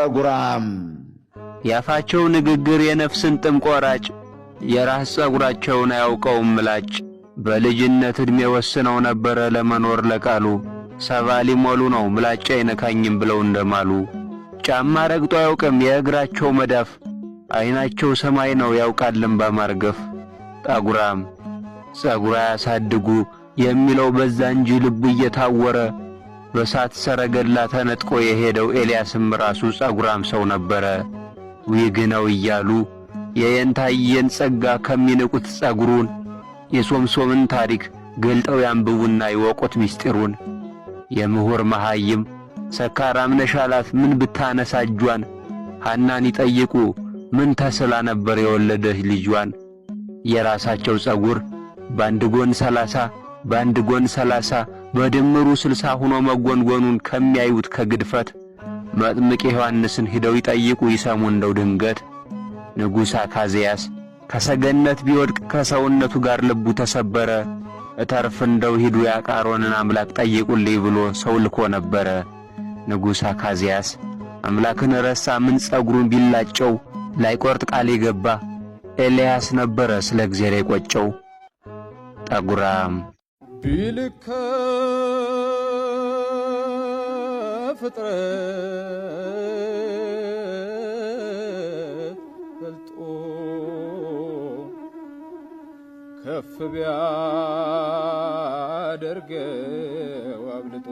ጸጉራም ያፋቸው ንግግር የነፍስን ጥም ቆራጭ የራስ ጸጉራቸውን አያውቀውም ምላጭ። በልጅነት ዕድሜ ወስነው ነበረ ለመኖር ለቃሉ ሰባ ሊሞሉ ነው ምላጭ አይነካኝም ብለው እንደማሉ። ጫማ ረግጦ አያውቅም የእግራቸው መዳፍ አይናቸው ሰማይ ነው ያውቃልም በማርገፍ። ጠጉራም ጸጉራ ያሳድጉ የሚለው በዛ እንጂ ልቡ እየታወረ በእሳት ሰረገላ ተነጥቆ የሄደው ኤልያስም ራሱ ጸጉራም ሰው ነበረ። ዊግ ነው እያሉ የየንታየን ጸጋ ከሚንቁት ጸጉሩን የሶምሶምን ታሪክ ገልጠው ያንብቡና ይወቁት ምስጢሩን። የምሁር መሐይም ሰካራም ነሻላት ምን ብታነሳ እጇን ሐናን ይጠይቁ ምን ተስላ ነበር የወለደች ልጇን። የራሳቸው ጸጉር በአንድ ጎን ሰላሳ በአንድ ጎን ሰላሳ በድምሩ ስልሳ ሆኖ መጎንጎኑን ከሚያዩት ከግድፈት መጥምቅ ዮሐንስን ሂደው ይጠይቁ ይሰሙ እንደው ድንገት ንጉሥ አካዝያስ ከሰገነት ቢወድቅ ከሰውነቱ ጋር ልቡ ተሰበረ። እተርፍ እንደው ሂዱ ያቃሮንን አምላክ ጠይቁልኝ ብሎ ሰው ልኮ ነበረ። ንጉሥ አካዝያስ አምላክን ረሳ። ምን ጸጉሩን ቢላጨው ላይቆርጥ ቃል የገባ ኤልያስ ነበረ ስለ እግዚአብሔር የቆጨው ጠጉራም ቢልከ ፍጥረት ፈልጦ ከፍ ቢያደርገው አብልጦ